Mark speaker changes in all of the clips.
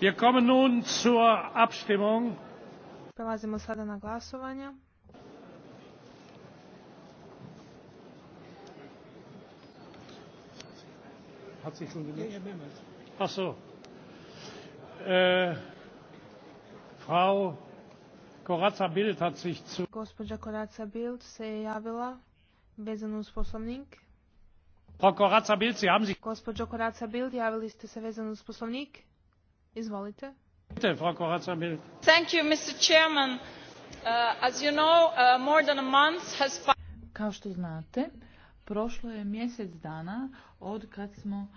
Speaker 1: Wir kommen nun zur
Speaker 2: Prelazimo sada na glasovanje. Hat Koraca äh, Bild se je javila vezano uz poslovnik. Frau Koraca javili ste se vezano uz poslovnik. Izvolite.
Speaker 1: Thank you, Mr. Chairman. Uh, as you know, uh, more than a month has... Pa- Kao što znate, prošlo je mjesec dana od kad smo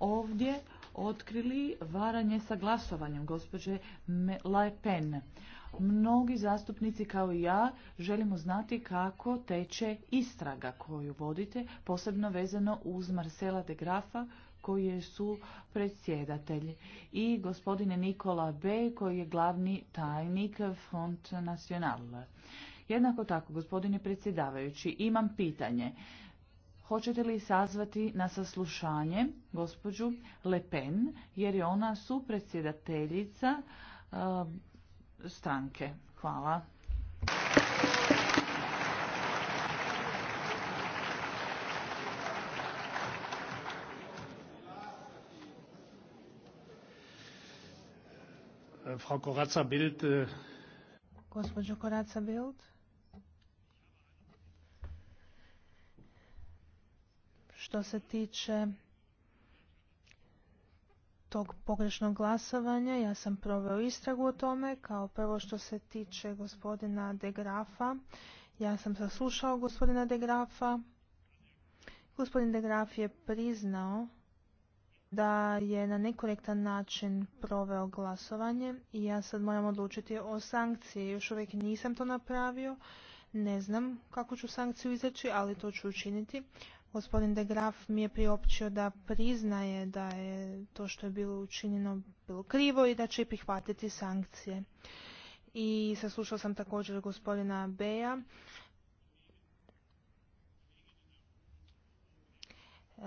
Speaker 1: ovdje otkrili varanje sa glasovanjem gospođe Le Pen. Mnogi zastupnici kao i ja želimo znati kako teče istraga koju vodite, posebno vezano uz Marcela de Grafa koji su predsjedatelj i gospodine Nikola B. koji je glavni tajnik Front Nacional. Jednako tako, gospodine predsjedavajući, imam pitanje hoćete li sazvati na saslušanje gospođu Le Pen, jer je ona supredsjedateljica uh, stranke. Hvala. Frau Koraca Bild. Eh.
Speaker 2: Gospođo Bild. Što se tiče tog pogrešnog glasovanja, ja sam proveo istragu o tome. Kao prvo što se tiče gospodina De Grafa, ja sam saslušao gospodina De Grafa. Gospodin De Graf je priznao da je na nekorektan način proveo glasovanje i ja sad moram odlučiti o sankciji. Još uvijek nisam to napravio, ne znam kako ću sankciju izreći, ali to ću učiniti. Gospodin de Graf mi je priopćio da priznaje da je to što je bilo učinjeno bilo krivo i da će prihvatiti sankcije. I saslušao sam također gospodina Beja. E,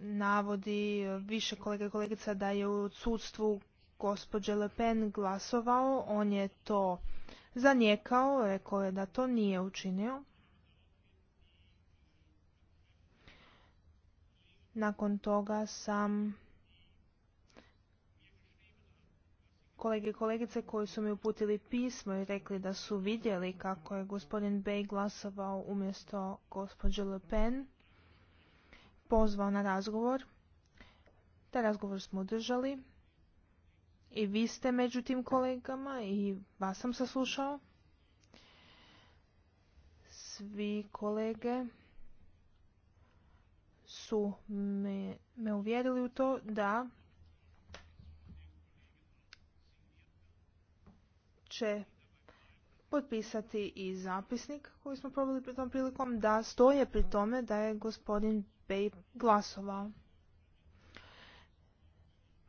Speaker 2: navodi više kolega i kolegica da je u odsudstvu gospođe Le Pen glasovao. On je to zanijekao, rekao je da to nije učinio. Nakon toga sam kolege i kolegice koji su mi uputili pismo i rekli da su vidjeli kako je gospodin Bey glasovao umjesto gospođe Le Pen, pozvao na razgovor. Taj razgovor smo održali i vi ste među tim kolegama i vas sam saslušao. Svi kolege su me, me uvjerili u to da će potpisati i zapisnik koji smo proveli pri tom prilikom da stoje pri tome da je gospodin Bej glasovao.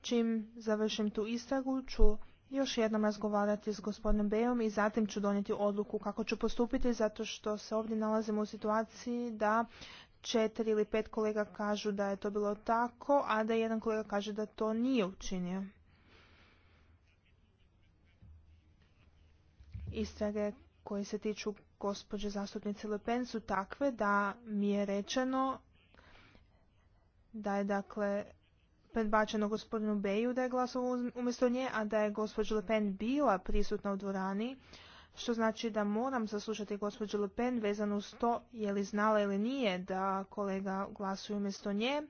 Speaker 2: Čim završim tu istragu ću još jednom razgovarati s gospodinom Bejom i zatim ću donijeti odluku kako ću postupiti zato što se ovdje nalazimo u situaciji da četiri ili pet kolega kažu da je to bilo tako, a da jedan kolega kaže da to nije učinio. Istrage koje se tiču gospođe zastupnice Le Pen su takve da mi je rečeno da je dakle predbačeno gospodinu Beju da je glasovao umjesto nje, a da je gospođa Le Pen bila prisutna u dvorani što znači da moram saslušati gospođu Le Pen vezano uz to je li znala ili nije da kolega glasuje umjesto nje.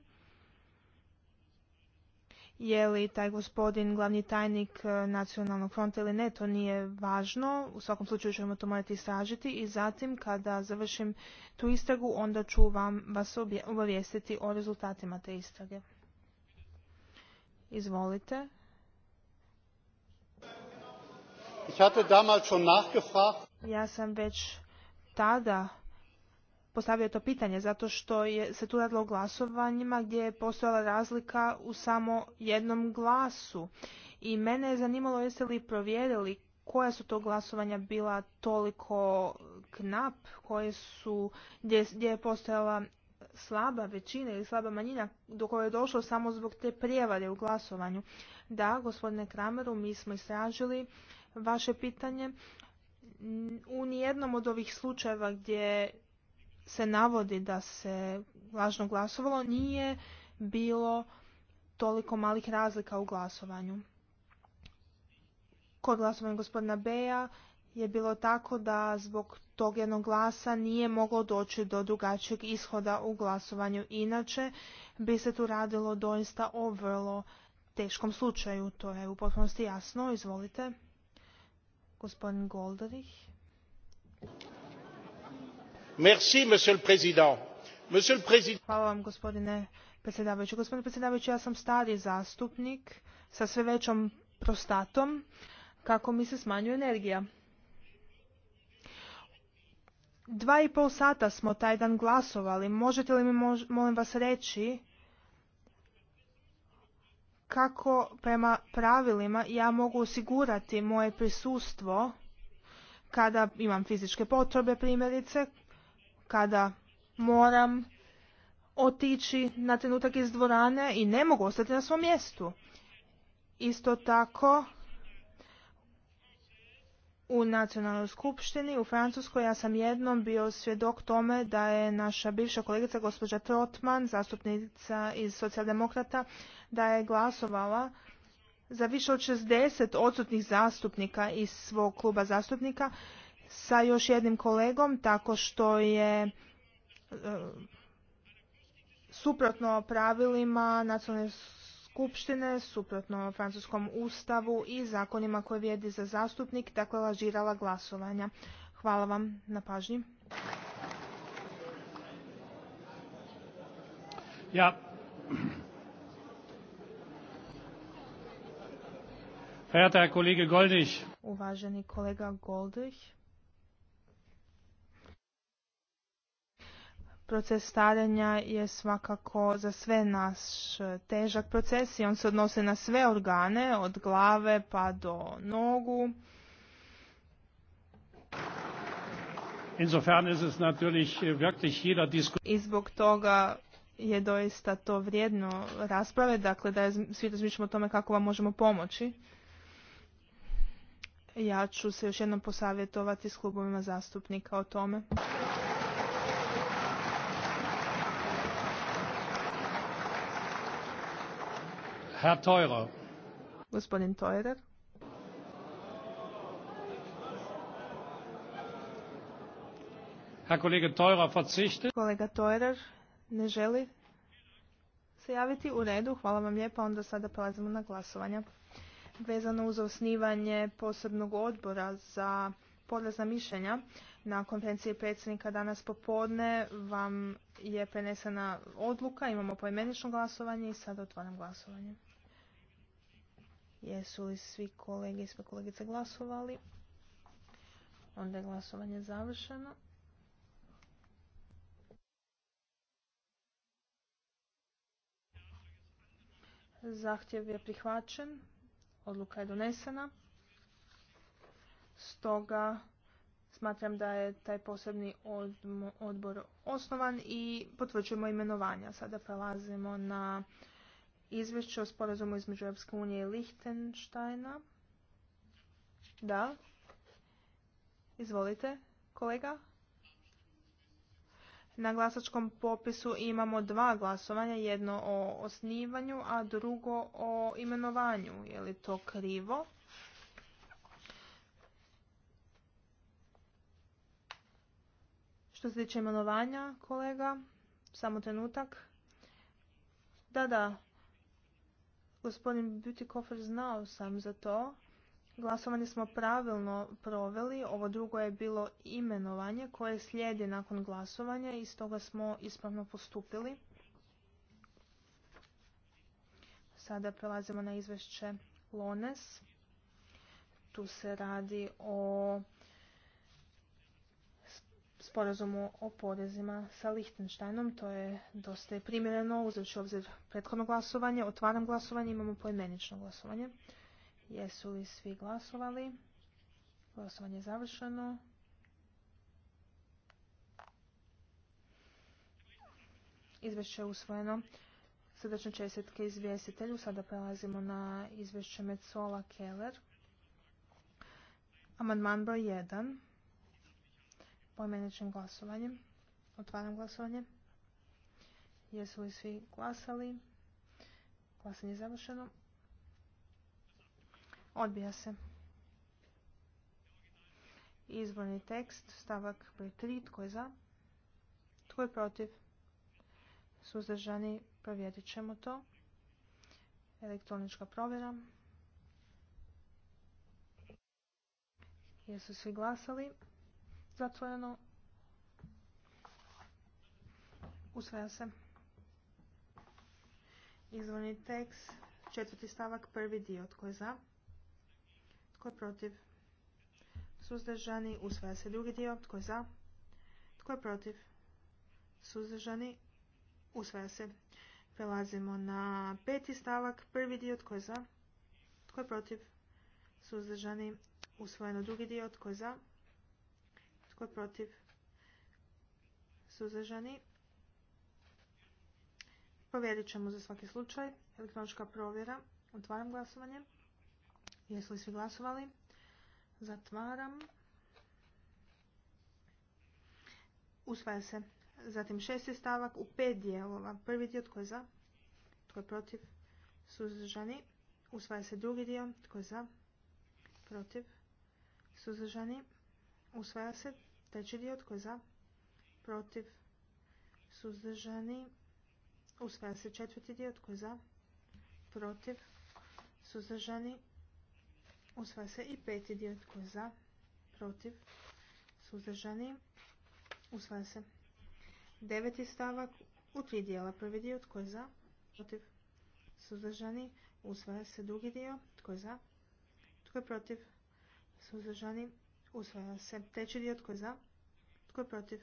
Speaker 2: Je li taj gospodin glavni tajnik e, nacionalnog fronta ili ne, to nije važno. U svakom slučaju ćemo to morati istražiti i zatim kada završim tu istragu onda ću vam vas obavijestiti o rezultatima te istrage. Izvolite, Ja sam već tada postavio to pitanje zato što je se tu radilo o glasovanjima gdje je postojala razlika u samo jednom glasu. I mene je zanimalo jeste li provjerili koja su to glasovanja bila toliko knap, koje su, gdje, gdje je postojala slaba većina ili slaba manjina do koje je došlo samo zbog te prijevare u glasovanju. Da, gospodine Krameru, mi smo istražili vaše pitanje. U nijednom od ovih slučajeva gdje se navodi da se lažno glasovalo nije bilo toliko malih razlika u glasovanju. Kod glasovanja gospodina Beja je bilo tako da zbog tog jednog glasa nije moglo doći do drugačijeg ishoda u glasovanju. Inače bi se tu radilo doista o vrlo teškom slučaju. To je u potpunosti jasno. Izvolite. Gospodin Goldarih.
Speaker 1: Merci, monsieur le président.
Speaker 2: Monsieur le président. Hvala vam, gospodine predsjedavajući. Gospodine predsjedavajući, ja sam stari zastupnik sa sve većom prostatom kako mi se smanjuje energija. Dva i pol sata smo taj dan glasovali. Možete li mi, molim vas, reći kako prema pravilima ja mogu osigurati moje prisustvo kada imam fizičke potrebe primjerice, kada moram otići na trenutak iz dvorane i ne mogu ostati na svom mjestu. Isto tako u nacionalnoj skupštini u Francuskoj ja sam jednom bio svjedok tome da je naša bivša kolegica gospođa Trotman, zastupnica iz socijaldemokrata, da je glasovala za više od 60 odsutnih zastupnika iz svog kluba zastupnika sa još jednim kolegom tako što je e, suprotno pravilima nacionalne skupštine suprotno francuskom ustavu i zakonima koje vrijedi za zastupnik, dakle lažirala glasovanja. Hvala vam na pažnji.
Speaker 1: Ja. Herr Kollege Goldich.
Speaker 2: Uvaženi kolega Goldich. Proces starenja je svakako za sve naš težak proces i on se odnose na sve organe, od glave pa do nogu.
Speaker 1: Äh, I
Speaker 2: zbog toga je doista to vrijedno rasprave, dakle da svi razmišljamo o tome kako vam možemo pomoći. Ja ću se još jednom posavjetovati s klubovima zastupnika o tome. Herr Teurer. Gospodin Teurer. Herr Kollege verzichtet. Kolega Teurer ne želi se javiti u redu. Hvala vam lijepa. Onda sada prelazimo na glasovanje. Vezano uz osnivanje posebnog odbora za porezna mišljenja na konferenciji predsjednika danas popodne vam je prenesena odluka. Imamo poimenično glasovanje i sada otvaram glasovanje. Jesu li svi kolege i sve kolegice glasovali? Onda je glasovanje završeno. Zahtjev je prihvaćen. Odluka je donesena. Stoga smatram da je taj posebni odbor osnovan i potvrđujemo imenovanja. Sada prelazimo na izvješće o sporazumu između Europske unije i Lichtensteina. Da. Izvolite, kolega. Na glasačkom popisu imamo dva glasovanja, jedno o osnivanju, a drugo o imenovanju. Je li to krivo? Što se tiče imenovanja, kolega, samo trenutak. Da, da, Gospodin Butikofer znao sam za to. Glasovanje smo pravilno proveli, ovo drugo je bilo imenovanje koje slijedi nakon glasovanja i stoga smo ispravno postupili. Sada prelazimo na izvješće Lones. Tu se radi o sporazumu o porezima sa Lichtensteinom. To je dosta je primjereno, uzevši obzir prethodno glasovanje. Otvaram glasovanje, imamo poimenično glasovanje. Jesu li svi glasovali? Glasovanje je završeno. Izvješće je usvojeno. Srdečne čestitke izvjestitelju. Sada prelazimo na izvješće Metzola Keller. Amandman broj 1 poimeničnim glasovanjem. Otvaram glasovanje. Jesu li svi glasali? Glasanje je završeno. Odbija se. Izborni tekst, stavak broj 3, tko je za? Tko je protiv? Suzdržani, provjerit ćemo to. Elektronička provjera. Jesu svi glasali? Zatvoreno. Usvaja se. Izvorni tekst, četvrti stavak, prvi dio. Tko je za? Tko je protiv? Suzdržani. Usvaja se drugi dio. Tko je za? Tko je protiv? Suzdržani. Usvaja se. Prelazimo na peti stavak, prvi dio. Tko je za? Tko je protiv? Suzdržani. Usvojeno drugi dio. Tko je za? Tko je protiv? Suzdržani. Provjerit ćemo za svaki slučaj. Elektronička provjera. Otvaram glasovanje. Jesu li svi glasovali? Zatvaram. Usvaja se. Zatim šesti stavak u pet dijelova. Prvi dio tko je za? Tko je protiv? Suzdržani. Usvaja se drugi dio. Tko je za? Protiv? Suzdržani. Usvaja se Treći dio tko za? Protiv? Suzdržani? Usvaja se četvrti dio tko je za? Protiv? Suzdržani? Usvaja se i peti dio tko je za? Protiv? Suzdržani? Usvaja se. Deveti stavak u tri dijela. Prvi dio tko je za? Protiv? Suzdržani? Usvaja se drugi dio. Tko je za? Tko je protiv? Suzdržani? Usvaja se. Treći dio tko je za? Tko je protiv?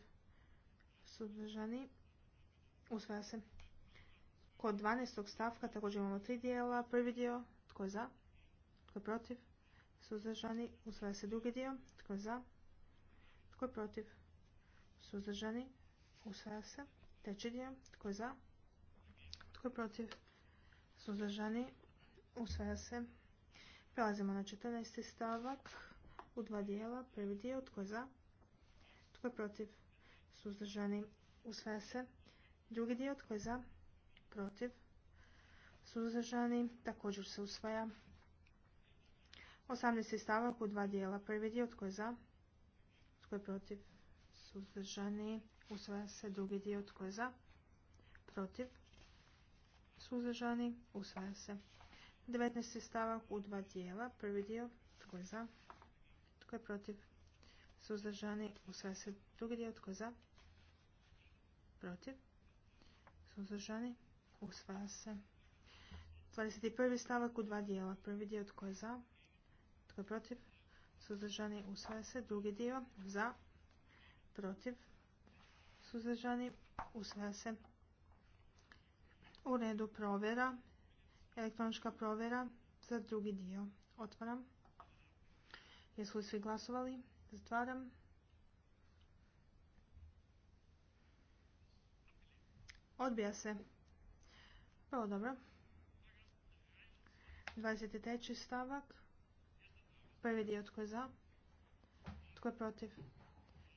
Speaker 2: Suzdržani. Usvaja se. Kod 12. stavka također imamo tri dijela. Prvi dio tko je za? Tko je protiv? Suzdržani. Usvaja se drugi dio. Tko je za? Tko je protiv? Suzdržani. Usvaja se. Treći dio. Tko je za? Tko je protiv? Suzdržani. Usvaja se. Prelazimo na 14. stavak u dva dijela. Prvi dio, tko je za, tko je protiv, suzdržani, usve se. Drugi dio, tko je za, protiv, suzdržani, također se usvaja. 18. stavak u dva dijela. Prvi dio, tko je za, tko je protiv, suzdržani, usvaja se. Drugi dio, tko je za, protiv, suzdržani, usvaja se. 19. stavak u dva dijela. Prvi dio, tko je za, tko je protiv? Suzdržani usvaja se. Drugi dio tko je za? Protiv? Suzdržani usvaja se. 21. stavak u dva dijela. Prvi dio tko je za? Tko je protiv? Suzdržani usvaja se. Drugi dio za? Protiv? Suzdržani usvaja se. U redu provjera. Elektronička provjera za drugi dio. Otvaram. Jesu li svi glasovali? Zatvaram. Odbija se. Vrlo dobro. 23. stavak. Prvi dio tko je za? Tko je protiv?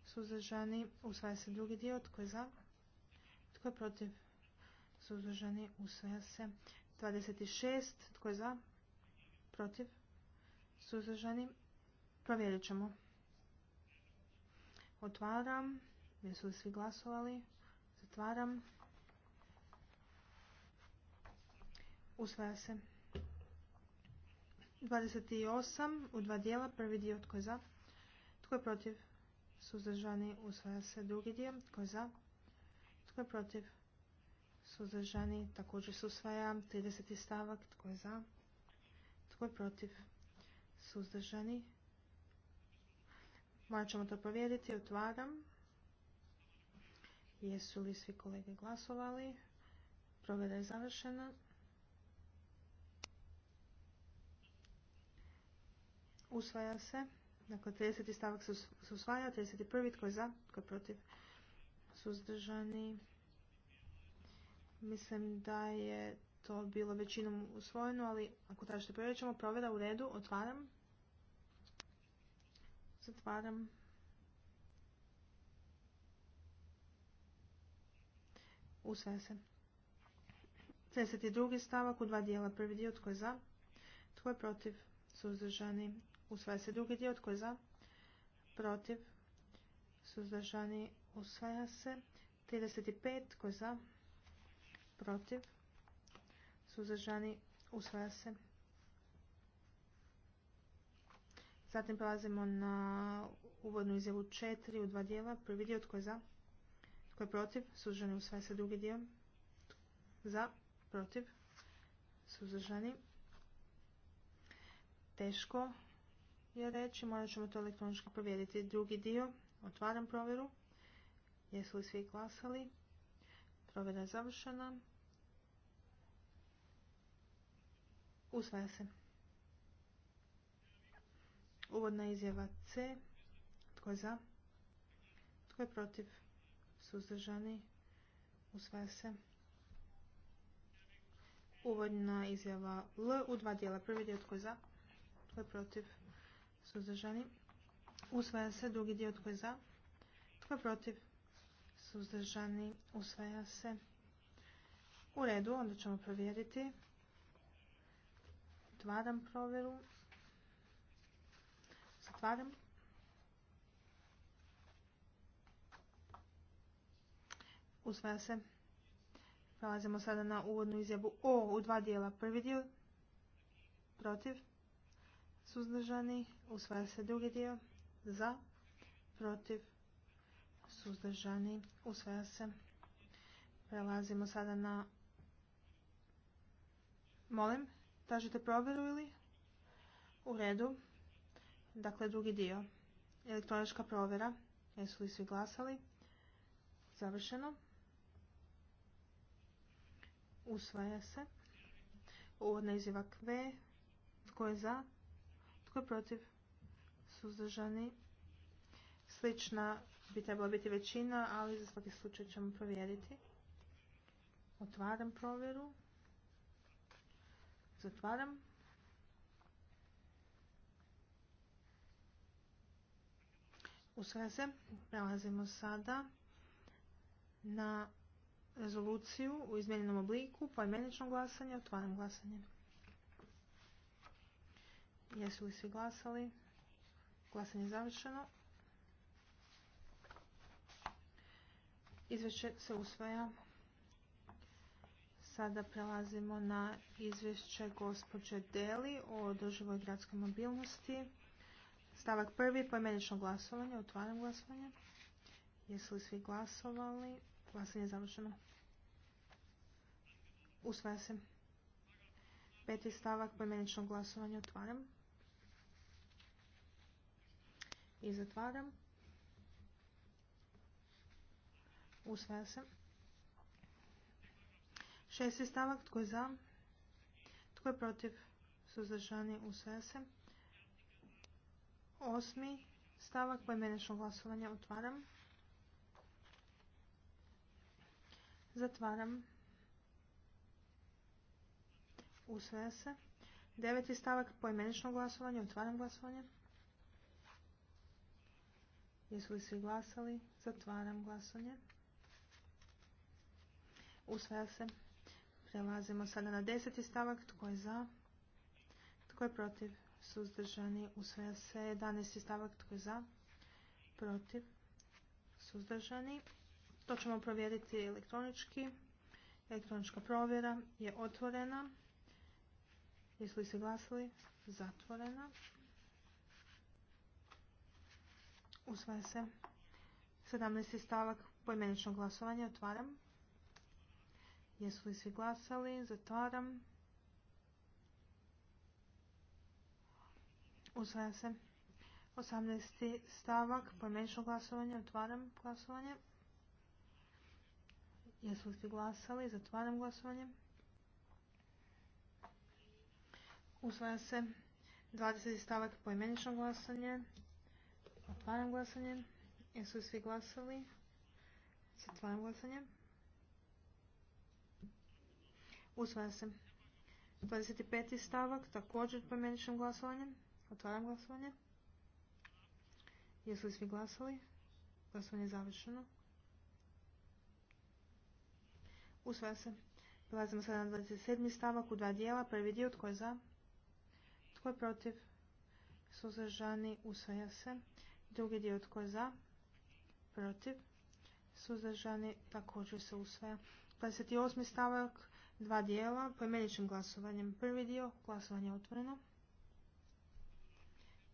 Speaker 2: Suzdržani. Usvaja se drugi dio. Tko je za? Tko je protiv? Suzdržani. Usvaja se. 26. Tko je za? Protiv? Suzdržani. Provjerit ćemo. Otvaram. Jesu li svi glasovali? Zatvaram. Usvaja se. 28 u dva dijela. Prvi dio tko je za? Tko je protiv? Suzdržani usvaja se. Drugi dio tko je za? Tko je protiv? Suzdržani također se usvaja. 30. stavak tko je za? Tko je protiv? Suzdržani moja ćemo to provjeriti. Otvaram. Jesu li svi kolege glasovali? Provjera je završena. Usvaja se. Dakle, 30. stavak se usvaja. 31. tko je za, tko je protiv suzdržani. Mislim da je to bilo većinom usvojeno, ali ako tražite provjerit ćemo provjera u redu. Otvaram. Zatvaram. Usvaja se. 32. stavak u dva dijela. Prvi dio tko je za, tko je protiv, suzdržani. Usvaja se drugi dio tko je za, protiv, suzdržani. Usvaja se. 35. Tko je za, protiv, suzdržani. Usvaja se. Zatim prelazimo na uvodnu izjavu 4 u dva dijela. Prvi dio tko je za, tko je protiv, suzdržani usvaja se drugi dio. Za, protiv, suzdržani. Teško je reći, morat ćemo to elektronički provjeriti. Drugi dio, otvaram provjeru. Jesu li svi glasali? Provjera je završena. Usvaja se. Uvodna izjava C. Tko je za? Tko je protiv? Suzdržani? Usvaja se. Uvodna izjava L u dva dijela. Prvi dio tko je za? Tko je protiv? Suzdržani? Usvaja se. Drugi dio tko je za? Tko je protiv? Suzdržani? Usvaja se. U redu, onda ćemo provjeriti. Otvaram provjeru. Usvaja se. Prelazimo sada na uvodnu izjavu O u dva dijela. Prvi dio protiv, suzdržani, usvaja se drugi dio za, protiv, suzdržani, usvaja se. Prelazimo sada na... Molim, tražite provjeru ili? U redu. Dakle, drugi dio. Elektronička provjera. Jesu li svi glasali? Završeno. Usvaja se. Uvodna izjava V. Tko je za? Tko je protiv? Suzdržani. Slična bi trebala biti većina, ali za svaki slučaj ćemo provjeriti. Otvaram provjeru. Zatvaram. Usvaja Prelazimo sada na rezoluciju u izmijenjenom obliku poimeničnog glasanju. Otvaram glasanje. Jesu li svi glasali? Glasanje je završeno. Izvješće se usvaja. Sada prelazimo na izvješće gospođe Deli o održivoj gradskoj mobilnosti. Stavak prvi, poimenično glasovanje. Otvaram glasovanje. Jesu li svi glasovali? Glasanje je završeno. Usvaja se. Peti stavak, poimenično glasovanje. Otvaram. I zatvaram. Usvaja se. Šesti stavak, tko je za? Tko je protiv? Suzdržani, usvaja se. Osmi stavak poimenično glasovanja. otvaram. Zatvaram. Usvaja se. Deveti stavak poimenično glasovanja. otvaram glasovanje. Jesu li svi glasali? Zatvaram glasovanje. Usvaja se. Prelazimo sada na deseti stavak. Tko je za? Tko je protiv? suzdržani, usvaja se 11. stavak tko je za, protiv, suzdržani. To ćemo provjeriti elektronički. Elektronička provjera je otvorena. Jesu li se glasili? Zatvorena. Usvaja se 17. stavak pojmenično glasovanje. Otvaram. Jesu li svi glasali? Zatvaram. Usvaja se. 18. stavak, pojmenično glasovanje, otvaram glasovanje. Jesu li svi glasali? Zatvaram glasovanje. Usvaja se 20. stavak pojmenično glasanje. Otvaram glasanje. Jesu li svi glasali? Zatvaram glasanje. Usvaja se 25. stavak također poimeničnim glasovanjem. Otvaram glasovanje. Jesu li svi glasali? Glasovanje je završeno. Usvaja se. Prelazimo sada na 27. stavak u dva dijela. Prvi dio tko je za? Tko je protiv? Suzdržani usvaja se. Drugi dio tko je za? Protiv? Suzdržani također se usvaja. 28. stavak dva dijela poimeničnim glasovanjem. Prvi dio glasovanje je otvoreno.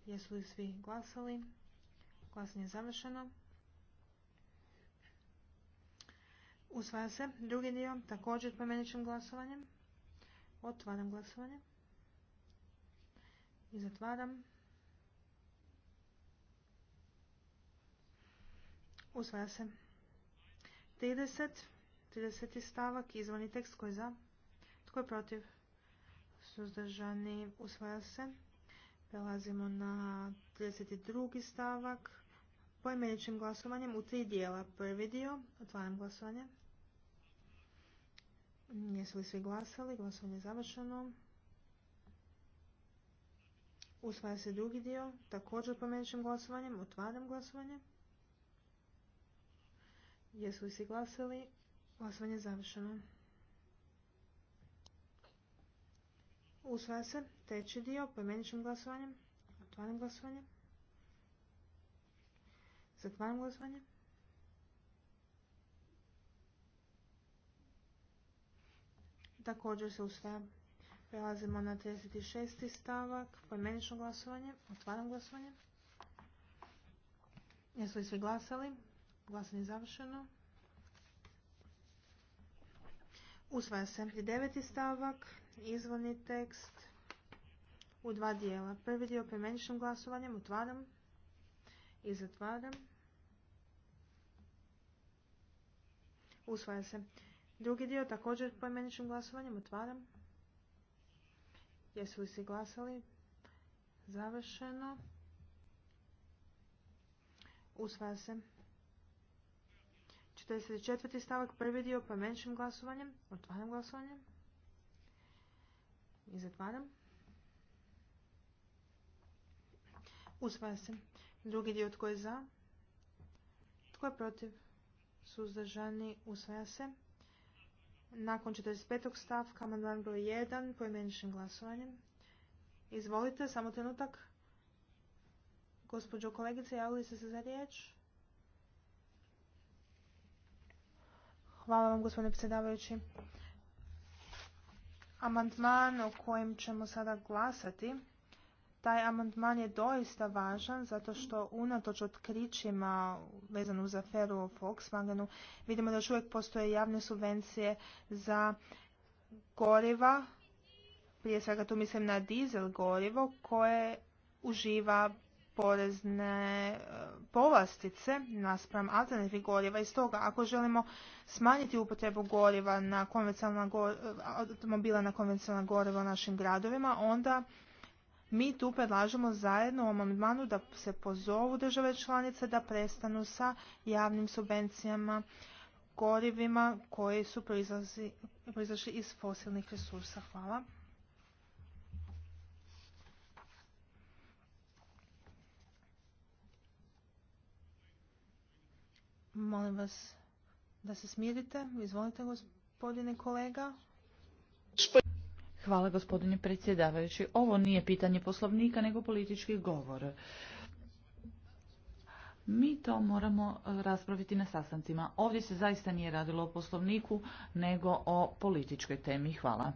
Speaker 2: Jesu li svi glasali? Glasanje je završeno. Usvaja se. Drugi dio također pomeničnim glasovanjem. Otvaram glasovanje. I zatvaram. Usvaja se. 30. 30. stavak. Izvani tekst. koji je za? Tko je protiv? Suzdržani. Usvaja se. Prelazimo na 32. stavak. Poimeničnim glasovanjem u tri dijela. Prvi dio, otvaram glasovanje. Jesu li svi glasali? Glasovanje je završeno. Usvaja se drugi dio, također poimeničnim glasovanjem. Otvaram glasovanje. Jesu li svi glasali? Glasovanje je završeno. Usvaja se treći dio pojmeničnim glasovanjem. Otvaram glasovanje. Zatvaram glasovanje. Također se usvaja. Prelazimo na 36. stavak. Pojmenično glasovanje. Otvaram glasovanje. Jesu li svi glasali? Glasanje je završeno. Usvaja se 9. stavak izvorni tekst u dva dijela. Prvi dio premeničnim glasovanjem otvaram i zatvaram. Usvaja se. Drugi dio također premeničnim glasovanjem otvaram. Jesu li si glasali? Završeno. Usvaja se. 44. stavak prvi dio poimeničnim glasovanjem. Otvaram glasovanjem i zatvaram. Usvaja se. Drugi dio tko je za? Tko je protiv? Suzdržani usvaja se. Nakon 45. stavka, amandman broj 1, poimeničnim glasovanjem. Izvolite, samo trenutak. Gospođo kolegice, javili ste se za riječ? Hvala vam, gospodine predsjedavajući. Amandman o kojem ćemo sada glasati, taj amandman je doista važan zato što unatoč otkrićima vezano za aferu o Volkswagenu vidimo da još uvijek postoje javne subvencije za goriva, prije svega tu mislim na dizel gorivo koje uživa porezne e, povlastice naspram alternativnih goriva i stoga ako želimo smanjiti upotrebu goriva na konvencionalna e, automobila na konvencionalna goriva u našim gradovima onda mi tu predlažemo zajedno u amandmanu da se pozovu države članice da prestanu sa javnim subvencijama gorivima koji su proizašli iz fosilnih resursa. Hvala. Molim vas da se smirite. Izvolite gospodine kolega.
Speaker 1: Hvala gospodine predsjedavajući. Ovo nije pitanje poslovnika nego politički govor. Mi to moramo raspraviti na sastancima. Ovdje se zaista nije radilo o poslovniku nego o političkoj temi. Hvala.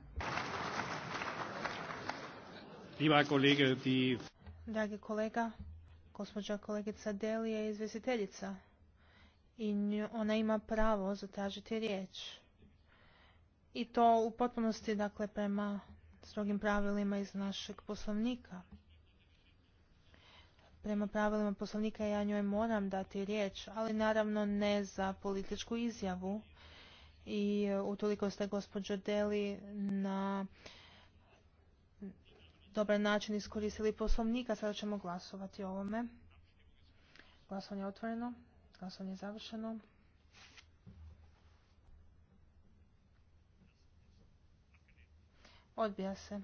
Speaker 2: Dragi kolega, gospođa kolegica Deli je izvjestiteljica i ona ima pravo zatražiti riječ. I to u potpunosti, dakle, prema strogim pravilima iz našeg poslovnika. Prema pravilima poslovnika ja njoj moram dati riječ, ali naravno ne za političku izjavu. I e, utoliko ste, gospođo Deli, na dobar način iskoristili poslovnika. Sada ćemo glasovati o ovome. Glasovanje je otvoreno. Glasovanje je završeno. Odbija se.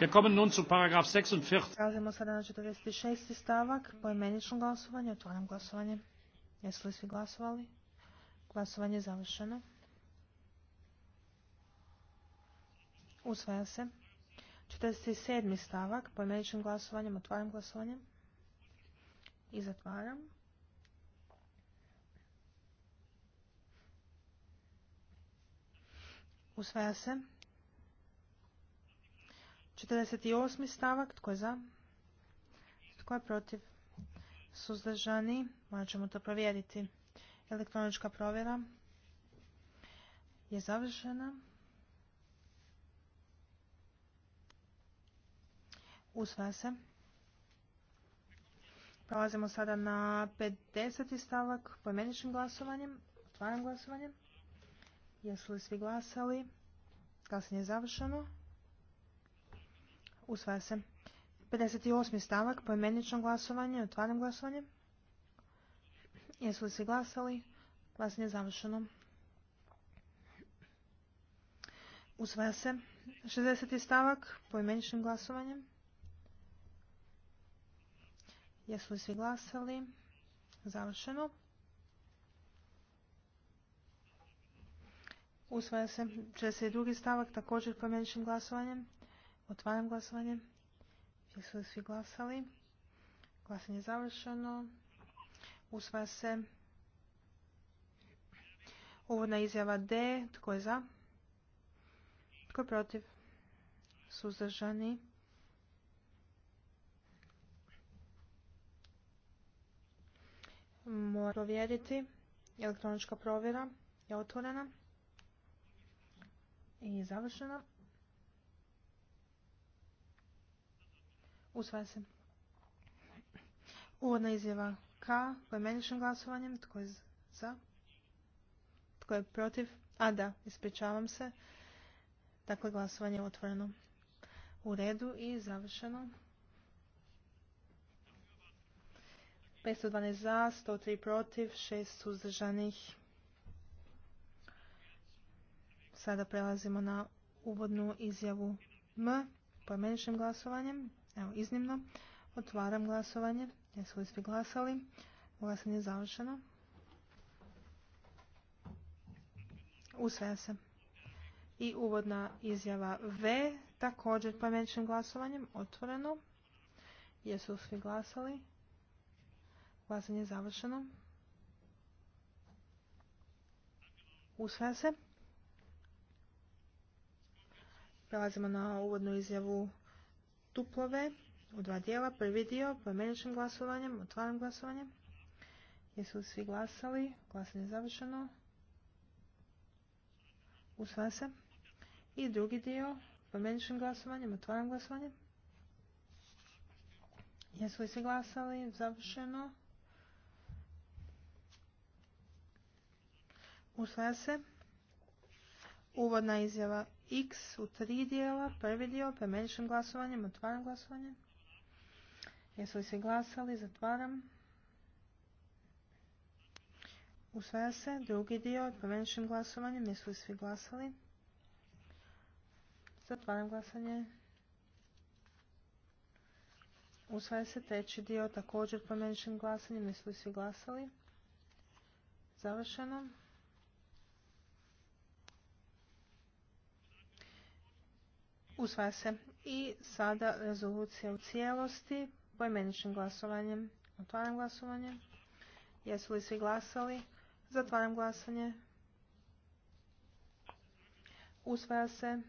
Speaker 1: Wir kommen nun zu paragraf 46.
Speaker 2: sada na 46. stavak, poimenično glasovanje, otvaram glasovanje. Jesu li svi glasovali? Glasovanje je završeno. Usvaja se. 47. stavak, pojmeničnim glasovanjem, otvaram glasovanje i zatvaram. Usvaja se. 48. stavak, tko je za? Tko je protiv? Suzdržani, morat ćemo to provjeriti. Elektronička provjera je završena. Usvaja se. Prelazimo sada na 50. stavak pojmeničnim glasovanjem. Otvaram glasovanjem Jesu li svi glasali? Glasanje je završeno. Usvaja se. 58. stavak pojmeničnom glasovanjem. Otvaram glasovanjem Jesu li svi glasali? Glasanje je završeno. Usvaja se. 60. stavak pojmeničnim glasovanjem. Jesu li svi glasali? Završeno. Usvaja se i drugi stavak također promjenišem glasovanjem. Otvaram glasovanje. Jesu li svi glasali? Glasanje je završeno. Usvaja se uvodna izjava D. Tko je za? Tko je protiv? Suzdržani. Moram provjeriti. Elektronička provjera je otvorena i završena. Usvaja se. Uvodna izjava K, pojmeničnim glasovanjem, tko je za, tko je protiv, a da, ispričavam se, dakle glasovanje je otvoreno u redu i završeno. 512 za, 103 protiv, 6 suzdržanih. Sada prelazimo na uvodnu izjavu M pojmeničnim glasovanjem. Evo, iznimno. Otvaram glasovanje. Jesu li svi glasali? Glasanje je završeno. Usvaja se. I uvodna izjava V također pojmeničnim glasovanjem. Otvoreno. Jesu li svi glasali? Glasanje je završeno. Usvaja se. Prelazimo na uvodnu izjavu tuplove u dva dijela. Prvi dio poimeničnim glasovanjem, otvaram glasovanjem. Jesu svi glasali? Glasanje je završeno. Usvaja se. I drugi dio poimeničnim glasovanjem, otvaram glasovanjem. Jesu li svi glasali? Završeno. Usvaja se. Uvodna izjava X u tri dijela. Prvi dio premeničnim glasovanjem. Otvaram glasovanje. Jesu li svi glasali? Zatvaram. Usvaja se. Drugi dio premeničnim glasovanjem. Jesu li svi glasali? Zatvaram glasanje. Usvaja se treći dio također promjeničnim glasanjem. Jesu li svi glasali? Završeno. Usvaja se. I sada rezolucija u cijelosti poimeničnim glasovanjem. Otvaram glasovanje. Jesu li svi glasali? Zatvaram glasanje. Usvaja se.